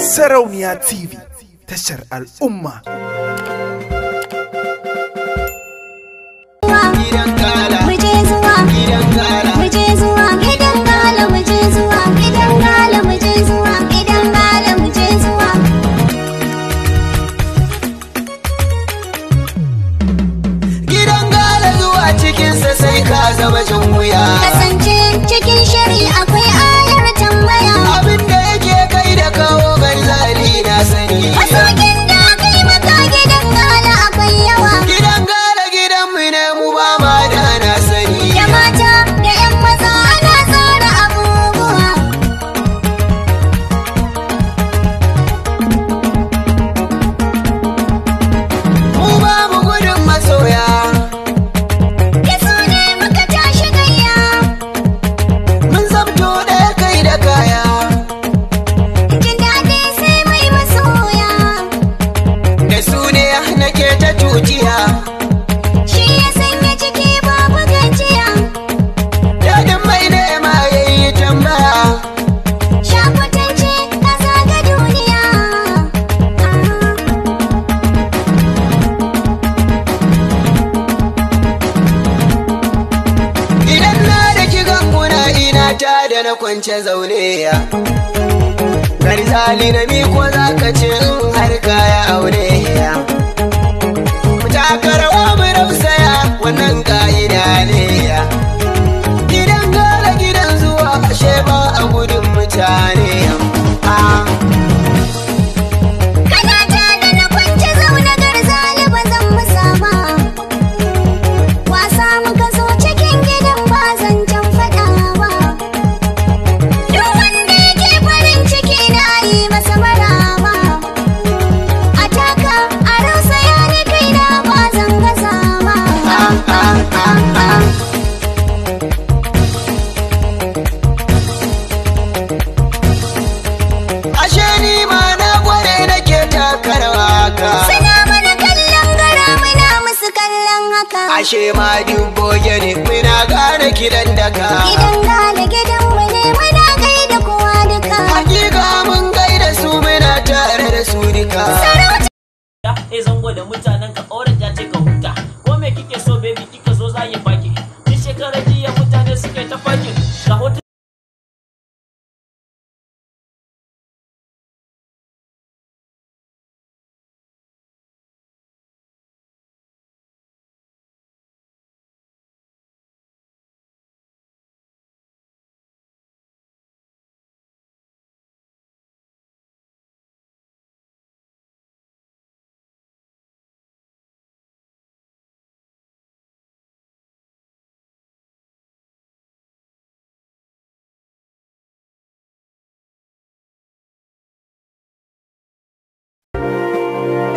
Sarauniya TV tashar al'umma. Gidan gala zuwa cikinsa sai ka zama jin nake ta tujiya shi ya sanya ciki babu gajiya dadin mai nema ya yi tambaya shakutance na zaga duniya idan na da kigan kuna ina ta da na kwance zaune ya Garzali na mi ko za ka ce in har kaya aure ya. gane yamma haka ashe ma dubboge ne muna gane da ka. gidan gane gidan mu ne muna gaida kowa duka hakika mun gaida su muna tare da su duka sarauta eh, zango da mutanen ka auren ta ce ka huta ko me kike so baby kika zo za yi baki